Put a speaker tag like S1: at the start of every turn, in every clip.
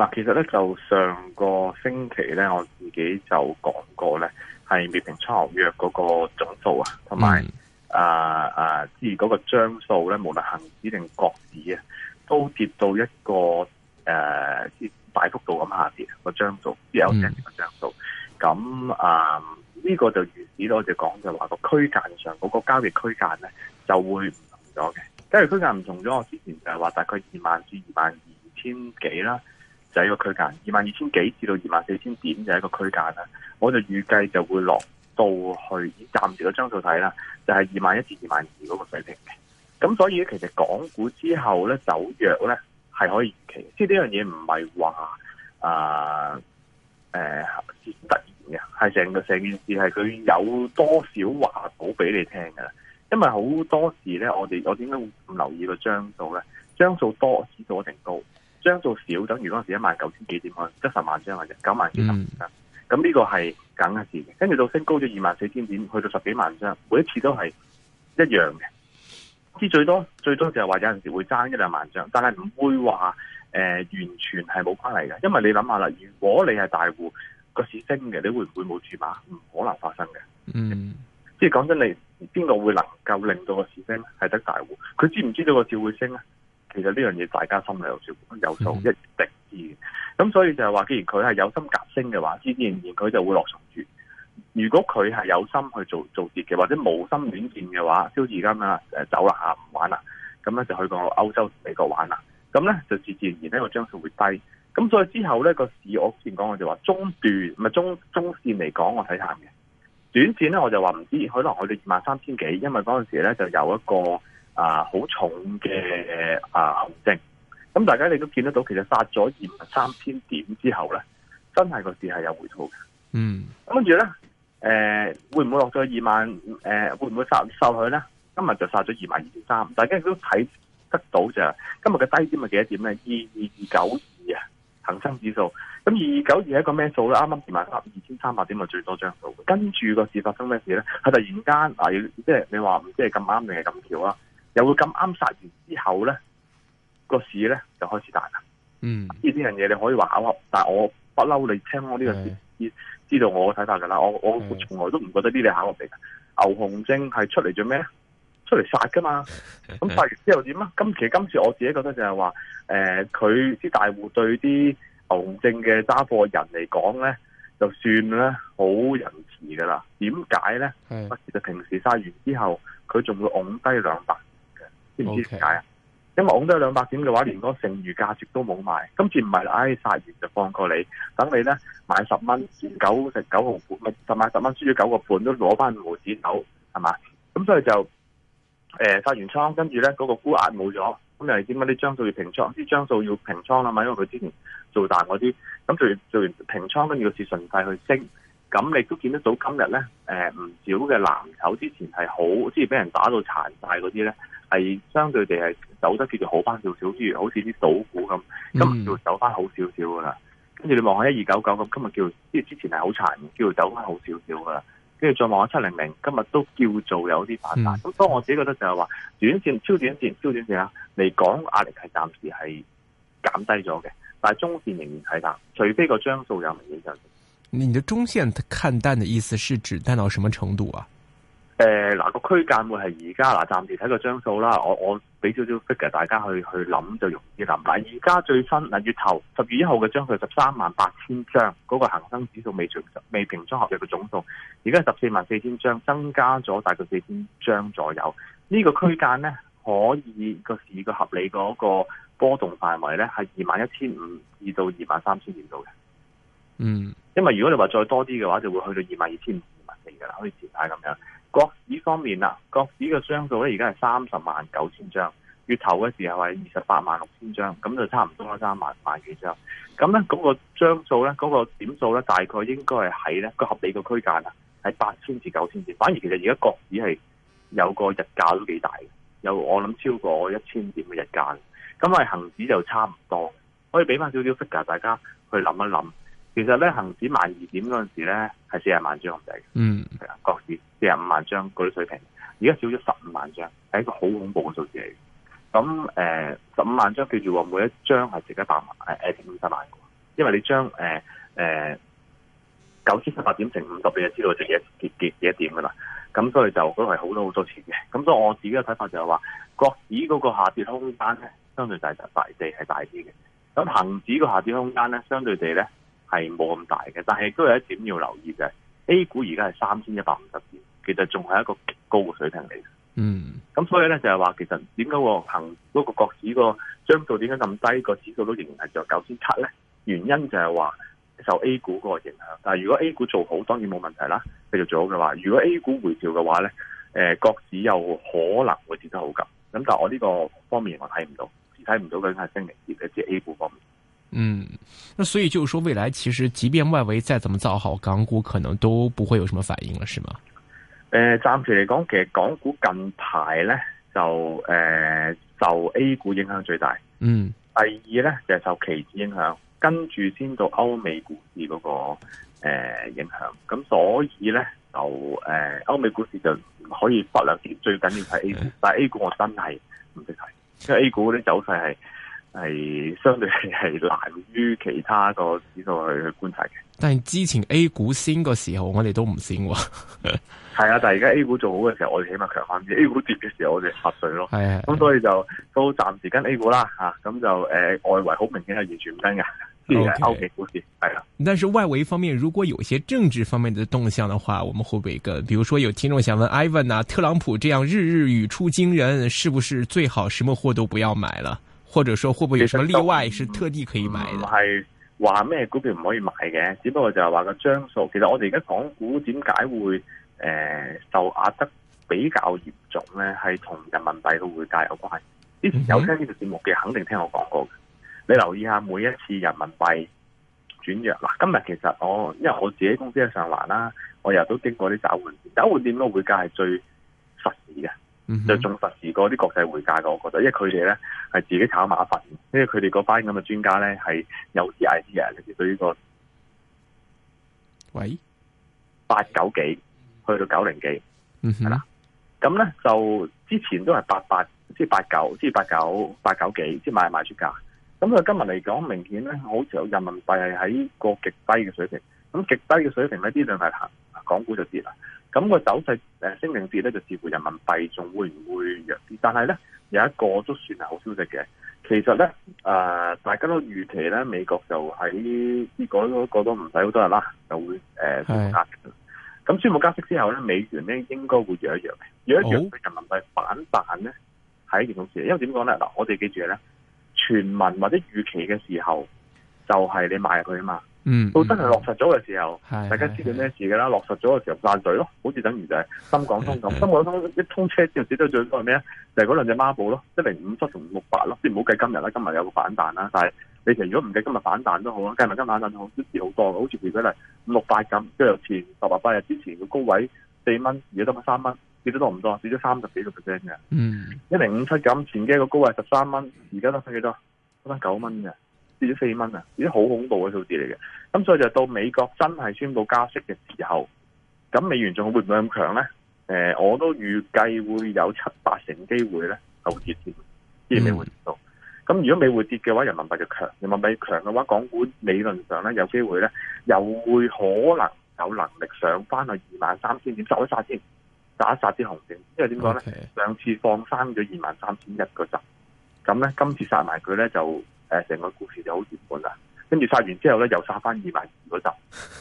S1: 嗱，其實咧就上個星期咧，我自己就講過咧，係未平倉合約嗰個總數啊，同埋、嗯、啊，啊至於嗰個張數咧，無論恆指定國指啊，都跌到一個誒，大、啊、幅度咁下跌、那個張數，嗯、有升有張數。咁啊，呢、這個就如此到我就講就話個區間上嗰、那個交易區間咧，就會唔同咗嘅。交易區間唔同咗，我之前就係話大概二萬至二萬二千幾啦。就係、一個區間，二萬二千幾至到二萬四千點就係一個區間啦。我就預計就會落到去，暫時個張數睇啦，就係二萬一至二萬二嗰個水平嘅。咁所以咧，其實港股之後咧走弱咧係可以預期的，即係呢樣嘢唔係話啊誒、啊啊、突然嘅，係成個成件事係佢有多少話講俾你聽噶啦。因為好多時咧，我哋我點解會咁留意個張數咧？張數多指數一定高。張數少，等於嗰陣時一萬九千幾點開，得十萬張或者九萬至十萬張。咁、嗯、呢個係梗嘅事，跟住到升高咗二萬四千點，去到十幾萬張，每一次都係一樣嘅。即最多最多就係話有陣時會爭一兩萬張，但係唔會話誒、呃、完全係冇關係嘅，因為你諗下啦，如果你係大戶個市升嘅，你會唔會冇注碼？唔可能發生嘅。
S2: 嗯，
S1: 即係講真，你邊個會能夠令到個市升？係得大戶，佢知唔知道個市會升啊？其實呢樣嘢大家心裏有少有數，嗯，一定知嘅。咁所以就係話，既然佢係有心夾升嘅話，自自然然佢就會落重注。如果佢係有心去做做跌嘅，或者冇心亂戰嘅話，好似而家咁樣啦，誒走啦吓，唔玩啦。咁咧就去過歐洲、美國玩啦。咁咧就自自然然呢個張數會低。咁所以之後咧個市，我先講，我就話中段咪中中線嚟講，我睇下嘅。短線咧我就話唔知道，可能我哋二萬三千幾，因為嗰陣時咧就有一個。啊，好重嘅啊陷阱，咁、啊、大家亦都見得到，其實殺咗二萬三千點之後咧，真係個市係有回吐嘅。嗯，跟住咧，誒、呃，會唔會落咗二萬？誒、呃，會唔會殺受佢咧？今日就殺咗二萬二千三，大家亦都睇得到就，今日嘅低點係幾多點咧？二二二九二啊，恒生指數，咁二二九二係一個咩數咧？啱啱二萬三二千三百點咪最多張數，跟住個市發生咩事咧？係突然間啊，即係你話唔知係咁啱定係咁橋啦。又會咁啱殺完之後咧，個市咧就開始彈啦。嗯，呢啲樣嘢你可以話巧合，但係我不嬲你聽我呢個知知道我嘅睇法噶啦。我我我從來都唔覺得呢啲係巧合嚟嘅。牛熊證係出嚟做咩？出嚟殺噶嘛。咁 殺完之後點啊？今其實今次我自己覺得就係話，誒、呃，佢啲大戶對啲牛證嘅揸貨人嚟講咧，就算啦，好仁慈噶啦。點解咧？其實平時殺完之後，佢仲會拱低兩百。Okay. 知唔知點解啊？因為㧬得兩百點嘅話，連嗰剩餘價值都冇埋。今次唔係唉，哎殺完就放過你，等你咧買十蚊九成九毫半，十買十蚊輸咗九個半都攞翻毫紙頭係嘛？咁所以就誒、呃、殺完倉，跟住咧嗰個沽壓冇咗，咁又係點解啊？啲張數要平倉，啲張數要平倉啊嘛？因為佢之前做大嗰啲，咁做完做完平倉，跟住個市順勢去升。咁你都見得到今日咧，誒唔少嘅藍籌之前係好，即係俾人打到殘晒嗰啲咧。係相對地係走得叫做好翻少少，譬如好似啲賭股咁，今日、嗯、叫走翻好少少噶啦。跟住你望下一二九九咁，今日叫即係之前係好殘，叫做走翻好少少噶啦。跟住再望下七零零，今日都叫做有啲反彈。咁、嗯、當我自己覺得就係話短線、超短線、超短線啦，嚟講壓力係暫時係減低咗嘅，但係中線仍然睇淡，除非個張數有明顯上。
S2: 你嘅中線看淡的意思是指淡到什麼程度啊？
S1: 誒、呃，嗱個區間會係而家嗱，暫時睇個張數啦。我我俾少少 figure，大家去去諗就容易諗。嗱，而家最新嗱月頭十月一號嘅張佢十三萬八千張，嗰、那個恒生指數未未平倉合約嘅總數，而家十四萬四千張，增加咗大概四千張左右。呢、這個區間咧，可以個市個合理嗰個波動範圍咧，係二萬一千五至到二萬三千點度嘅。嗯，因為如果你話再多啲嘅話，就會去到二萬二千五、二萬四噶啦，好似前排咁樣。國指方面啦，國指嘅張數咧，而家係三十萬九千張，月頭嘅時候係二十八萬六千張，咁就差唔多三萬萬幾張。咁咧嗰個張數咧，嗰、嗰個點數咧，大概應該係喺咧個合理嘅區間啊，係八千至九千點。反而其實而家國指係有個日價都幾大的，有我諗超過一千點嘅日價。咁啊恆指就差唔多，可以俾翻少少 figure 大家去諗一諗。其實咧，恒指萬二點嗰陣時咧，係四廿萬張咁滯嘅。嗯，係啊，國指四廿五萬張嗰啲水平，而家少咗十五萬張，係一個好恐怖嘅數字嚟嘅。咁誒，十五萬張叫住話，每一張係值一萬誒誒五十萬嘅，因為你將誒誒九千七八點乘五十，呃、9, 18, 5，你就知道值幾幾幾幾點噶啦。咁所以就都係好多好多錢嘅。咁所以我自己嘅睇法就係、是、話，國指嗰個下跌空間咧，相對就大地係大啲嘅。咁恒指個下跌空間咧，相對地咧。係冇咁大嘅，但係都有一點要留意嘅。A 股而家係三千一百五十點，其實仲係一個極高嘅水平嚟。嗯，咁所以咧就係、是、話，其實點解行嗰、那個國指個張數點解咁低，個指數都仍然係就九千七咧？原因就係話受 A 股個影響。但係如果 A 股做好，當然冇問題啦。繼續做好嘅話，如果 A 股回調嘅話咧，誒、呃，國指有可能會跌得好急。咁但係我呢個方面我睇唔到，睇唔到佢係升定跌嘅，即係 A 股方面。
S2: 嗯，那所以就是說未來其實即便外圍再怎麼造好港股，可能都不會有什麼反應了，是嗎？
S1: 誒、呃，暫時嚟講，其實港股近排呢，就誒、呃、受 A 股影響最大。嗯，第二呢，就係、受期指影響，跟住先到歐美股市嗰、那個誒、呃、影響。咁所以呢，就誒、呃、歐美股市就可以忽略，最緊要睇 A 股。但係 A 股我真係唔識睇，因為 A 股嗰啲走勢係。係相對係係難於其他個指數去去觀察嘅，
S2: 但係之前 A 股升個時候，我哋都唔升喎，
S1: 係 啊！但係而家 A 股做好嘅時候，我哋起碼強翻啲。 A 股跌嘅時候，我哋核水咯。係啊，咁所以就都暫時跟 A 股啦吓，咁、啊、就誒、呃、外圍好明顯係完全唔跟嘅，O K，好似係啦。
S2: 但是外圍方面，如果有些政治方面的動向嘅話，我們會不會跟？比如說有聽眾想問 Ivan 啊，特朗普這樣日日語出驚人，是不是最好什麼貨都不要買了？或者說會不會有什麼例
S1: 外是特地可以買的？唔係話咩股票唔可以買嘅，只不過就係話個張數。其實我哋而家港股點解會誒、呃、受壓得比較嚴重咧？係同人民幣嘅匯價有關。之前有聽呢個節目嘅，肯定聽我講過的，嗯。你留意一下每一次人民幣轉弱嗱，今日其實我因為我自己公司喺上環啦，我又都經過啲找換店，找換店個匯價係最實時嘅。嗯、就仲實時過啲國際匯價嘅，我覺得，因為佢哋咧係自己炒馬粉，因為佢哋嗰班咁嘅專家咧係有啲 idea 嚟嘅。對於個，喂，八九幾去到九零幾，嗯
S2: 哼，
S1: 咁咧、嗯嗯、就之前都係八八，即係八九，即係八九，八九幾，即係買賣出價。咁啊，今日嚟講，明顯咧，好似有人民幣係喺個極低嘅水平。咁極低嘅水平咧，呢兩日行港股就跌啦。咁個走勢誒升定跌咧，就視乎人民幣仲會唔會弱啲。但係咧有一個都算係好消息嘅，其實咧誒、呃，大家都預期咧，美國就喺呢個嗰個都個都唔使好多日啦，就會誒加息嘅。咁宣布加息之後咧，美元咧應該會弱一弱，弱一弱對人民幣反彈咧係一件好事。因為點講咧嗱，我哋記住咧，傳聞或者預期嘅時候，就係、是、你買入佢啊嘛。嗯，到真係落實咗嘅時候，大家知道咩事噶啦、嗯嗯？落實咗嘅時、嗯嗯、時候，散水咯，好似等於就係深港通咁。深港通一通車之陣，跌得最多係咩啊？就係嗰兩隻孖寶咯，一零五七同六八咯。即係唔好計今日啦，今日有個反彈啦，但係你其實如果唔計今日反彈都好啦，計唔計反彈都好，跌咗好多嘅。好似譬如嗱，六八咁，即係前十八八日之前嘅高位四蚊，而家得翻三蚊，跌咗多唔多，多？跌咗三十幾個 percent 嘅。嗯，一零五七咁前期個高位十三蚊，而家得翻幾多？得翻九蚊嘅。跌咗四蚊啊！已經好恐怖嘅數字嚟嘅，咁所以就到美國真係宣布加息嘅時候，咁美元仲會唔會咁強咧？誒、呃，我都預計會有七八成機會咧，就會跌嘅，跌美匯跌到，咁如果美匯跌嘅話，人民幣就強，人民幣強嘅話，港股理論上咧，有機會咧，又會可能有能力上翻去二萬三千點，殺一殺先，殺一殺啲紅線。因為點講咧？上次放生咗二萬三千一個陣，咁咧今次殺埋佢咧就。誒，成個故事就好圓滿啦。跟住殺完之後咧，又殺翻二萬二嗰集，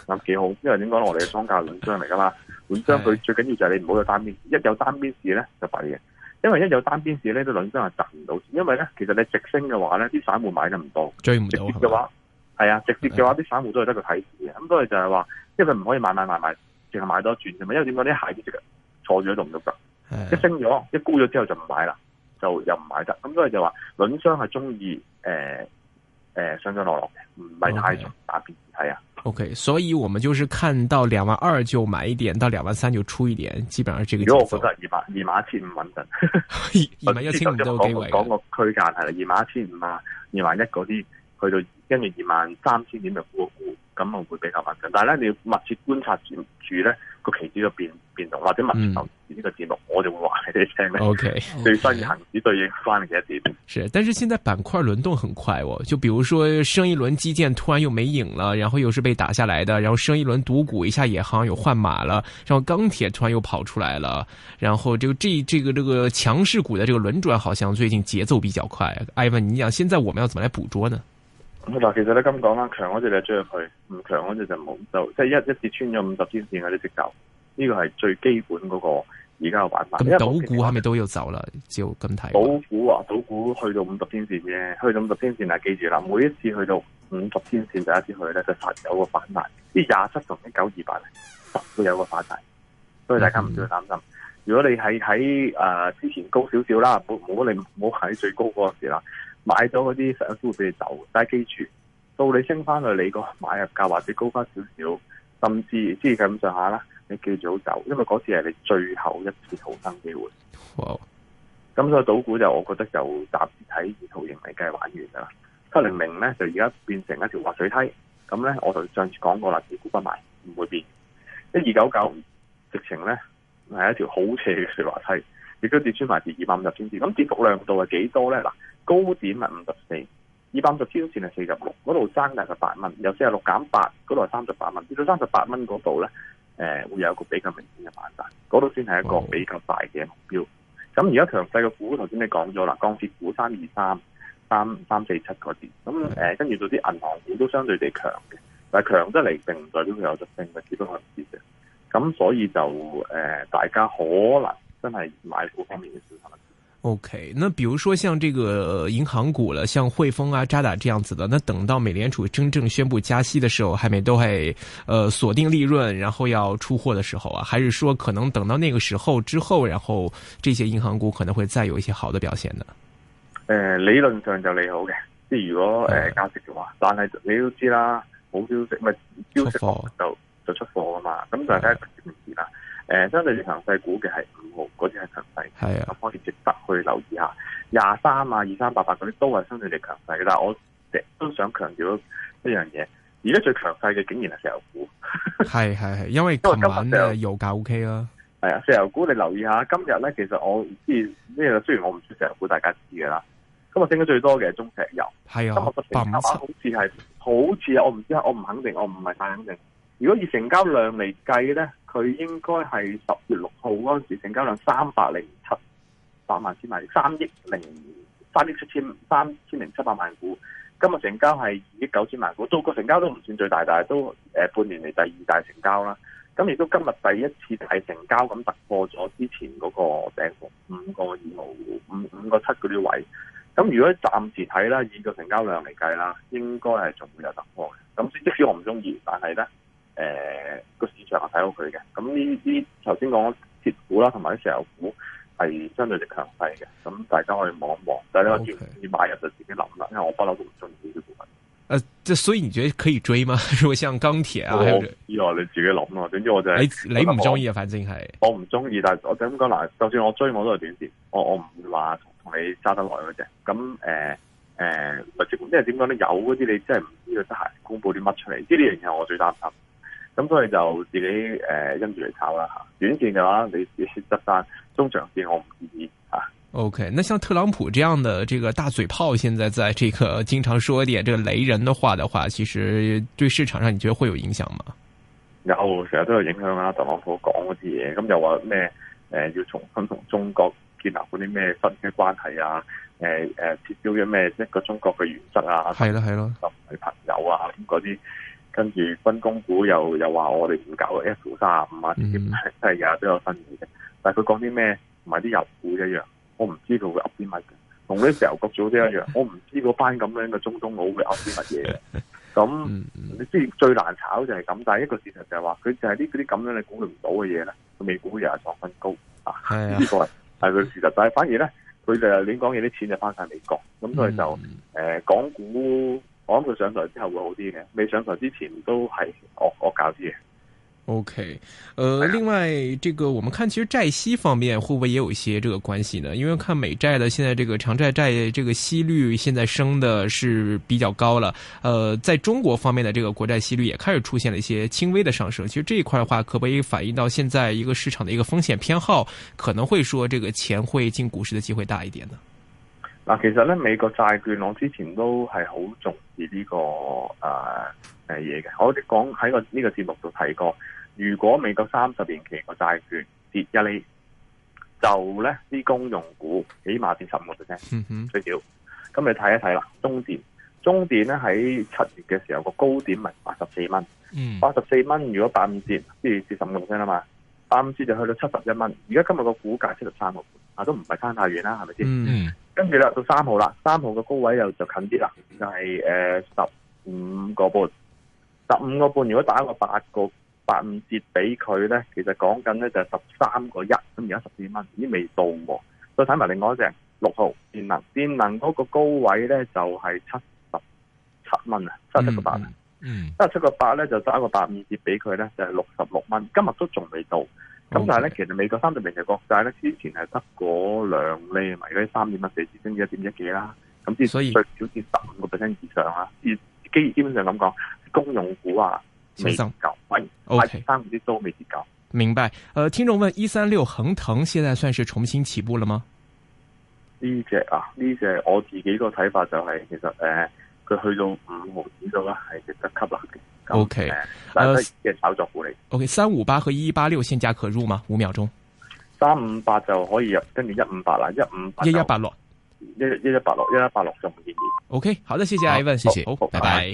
S1: 咁幾好。因為點講，我哋嘅莊家輪商嚟噶嘛，輪商佢最緊要就係你唔好有單邊，一有單邊市咧就弊嘅。因為一有單邊市咧，啲輪商係賺唔到。因為咧，其實你直升嘅話咧，啲散戶買得唔多。追唔直接嘅話，係啊，直接嘅話，啲散戶都係得個睇市嘅。咁所以就係、是、話，因為佢唔可以買買買買,買，淨係買多一轉啫嘛。因為點講，啲蟹直坐咗喺度唔郁得，一升咗，一高咗之後就唔買啦，就又唔買得。咁所以就話，輪商係中意。誒、呃、誒，上上落落嘅，唔係太大、okay. 打邊
S2: 係啊。OK，所以，我們就是看到兩萬二就買一點，到兩萬三就出一點，基本上這個如果我覺
S1: 得 21, 二萬二萬一千五穩陣，二萬一千五都有機會。講個區間係啦，二萬一千五啊， 二萬一嗰啲去到，跟住二萬三千點就沽個咁啊，會比較緊張，但係咧，你要密切觀察住呢個期指嘅變變動，或者文投呢個節目，我就會話你哋聽 O、okay, K，最新恒指都已經翻起一點。
S2: 是，但是現在板塊輪動很快哦，就比如說升一輪基建突然又沒影了，然後又是被打下來的，然後升一輪獨股一下也好像有換馬了，然後鋼鐵突然又跑出來了，然後就這這個 G,、這個、這個強勢股的這個輪轉，好像最近節奏比較快。艾、哎、文，你講現在我們要怎麼來捕捉呢？
S1: 嗱，其實咧，咁講啦，強嗰隻你就追入去，唔強嗰隻就冇，就即係一一次穿咗五十天線嗰啲直走，呢個係最基本嗰個而家嘅玩法。咁，
S2: 賭股係咪都要走啦？照咁睇，賭
S1: 股啊，賭股去到五十天線啫，去到五十天線啊，記住啦，每一次去到五十天線第一次去咧，就發有個反彈。呢廿七同一九二八咧，都有個反彈，所以大家唔需要擔心。嗯。如果你係喺誒之前高少少啦，冇冇你冇喺最高嗰時啦。買咗嗰啲十一股俾你走，但記住，到你升翻去你個買入價或者高翻少少，甚至即係咁上下啦，你記住走，因為嗰次係你最後一次逃生機會。哇！咁所以賭股就我覺得就暫時睇二圖形，嚟計玩完㗎啦。七零零咧就而家變成一條滑水梯，咁咧我就上次講過啦，持股不賣唔會變。一二九九直情咧係一條好斜嘅滑水梯，亦都跌穿埋至二百五十天線。咁跌幅量度係幾多咧？嗱。高點係五十四，二百五十天線係四十六，嗰度爭大十八蚊，由四十六減八，嗰度係三十八蚊。跌到三十八蚊嗰度咧，誒會有一個比較明顯嘅反彈，嗰度先係一個比較大嘅目標。咁而家強勢嘅股，頭先你講咗啦，鋼鐵股三二三三三四七嗰啲，咁誒跟住到啲銀行股都相對地強嘅，但係強得嚟並唔代表佢有上升嘅，只不過唔止跌。咁所以就誒、呃，大家可能真係買股方面嘅小心。
S2: O、okay, K，那比如說像這個銀行股啦，像匯豐啊、渣打這樣子的，那等到美聯儲真正宣布加息的時候，係咪都會，呃鎖定利潤，然後要出貨的時候啊？還是說可能等到那個時候之後，然後這些銀行股可能會再有一些好的表現呢？呃
S1: 理論上就利好嘅，即如果加息嘅話，但係你都知啦，冇消息咪消息就出貨啊嘛，咁大家。個、嗯、啦。嗯誒，相對嚟強勢股嘅係五號嗰啲係強勢，係啊，咁我哋值得去留意下。廿三啊，二三八八嗰啲都係相對嚟強勢嘅。但係我亦都想強調一樣嘢，而家最強勢嘅竟然係石油股。
S2: 係係係，因為因為今晚又又 OK 啦。
S1: 係啊，石油股你留意下，今日咧，其實我唔知咩？雖然我唔知石油股，大家知噶啦。今日升得最多嘅係中石油，係
S2: 啊，今日十八
S1: 好似係，嗯，好似啊，我唔知我唔肯定，我唔係太肯定。如果以成交量嚟計咧？佢應該係十月六號嗰陣時成交量三百零七百萬千萬，三億零三億七千三千零七百萬,萬股。今日成交係二億九千萬股，到個成交都唔算最大，但係都誒半年嚟第二大成交啦。咁亦都今日第一次大成交咁突破咗之前嗰個頂盤五個二毫五五個七嗰啲位。咁如果暫時睇啦，以個成交量嚟計啦，應該係仲會有突破嘅。咁即使我唔中意，但係咧。誒、呃，個市場係睇到佢嘅，咁呢啲頭先講鐵股啦，同埋啲石油股係相對力強勢嘅，咁大家可以望一望。大家注意，你買入就自己諗啦，因為我不嬲都唔中意呢啲股。誒、
S2: 啊，即係所以你覺得可以追嗎？如果像鋼鐵啊，以、哦、
S1: 呢、啊、你自己諗啦，總之我就係你你唔中意啊，反正係我唔中意，但係我就咁講嗱，就算我追，我都係短線，我我唔會話同你揸得耐嘅啫。咁誒誒，即係點講咧？有嗰啲你真係唔知佢得閒公布啲乜出嚟，即呢樣嘢我最擔心。咁所以就自己誒、呃、跟住嚟炒啦吓，短線嘅話你你去執翻，中長線我唔建議
S2: 啊。OK，那像特朗普這樣的這個大嘴炮，現在在這個經常說點這個雷人的話的話，其實對市場上你覺得會有影響嗎？
S1: 有成日都有影響啊！特朗普講嗰啲嘢，咁又話咩誒要重新同中國建立嗰啲咩新嘅關係啊？誒、呃、誒，撤銷咗咩一個中國嘅原則啊？係咯係咯，咁係朋友啊咁嗰啲。那些跟住分公股又又話我哋唔搞 F 三十五啊。啲咁係日日都有新意嘅。但係佢講啲咩同埋啲入股一樣，我唔知道佢噏啲乜嘅。同啲石油咁做啲一樣，我唔知嗰班咁樣嘅中東佬會噏啲乜嘢嘅。咁、 嗯、你知最難炒就係咁，但係一個事實就係話佢就係呢啲咁樣你估佢唔到嘅嘢咧，美股又係創新高啊！呢個係但係佢事實就係反而咧，佢就係亂講嘢，啲錢就翻晒美國，咁所以就誒、嗯呃、港股。我諗佢上台之後會好啲嘅，未上台之前
S2: 都係我我搞啲嘅。O、okay, K，呃、哎，另外這個我們看，其實債息方面會不會也有一些這個關係呢？因為看美債的現在這個長債債這個息率現在升的是比較高了，呃，在中國方面的這個國債息率也開始出現了一些輕微的上升。其實這一塊的話，可不可以反映到現在一個市場的一個風險偏好，可能會說這個錢會進股市的機會大一點呢？
S1: 嗱，其實咧美國債券，我之前都係好重視呢個誒誒嘢嘅。我哋講喺個呢個節目度提過，如果美國三十年期個債券跌一厘，就咧啲公用股起碼跌十五個 percent 最少。咁、嗯嗯、你睇一睇啦，中電，中電咧喺七月嘅時候個高點咪八十四蚊，八十四蚊如果八五折，即係跌十五個 percent 啦嘛，八五折就去到七十一蚊。而家今日個股價七十三個，啊都唔係差太遠啦，係咪先？嗯跟住啦，到三號啦，三號嘅高位又就近啲啦，就係誒十五個半，十五個半如果打個八個八五折俾佢咧，其實講緊咧就十三個一，咁而家十四蚊，依未到喎。再睇埋另外一隻六號電能，電能嗰個高位咧就係七十七蚊啊，七十七個八啊，嗯，七十七個八咧就打個八五折俾佢咧就係六十六蚊，今日都仲未到。咁但係咧，其實美國三十年嘅國債咧，之前係得嗰兩厘，咪，嗰啲三點一四至升至一點一幾啦。咁之所以少至十五個 percent 以上啦，而基基本上咁講公用股啊，未跌夠，喂，三五之都未跌夠。
S2: 明白。誒，聽眾問：一三六恒騰，現在算是重新起步了嗎？
S1: 呢隻啊，呢、這、隻、個、我自己個睇法就係、是，其實誒，佢、呃、去到五毫子度啦係值得吸納嘅。
S2: O K，呃，
S1: 炒作股嚟。
S2: O K，三五八和一八六現價可入嗎？五秒鐘。
S1: 三五八就可以入，跟住一五八啦，一五八一一八六，一一一八六，一一八六就唔建議。
S2: O K，好的，謝謝 Ivan，謝謝，好，好，拜拜。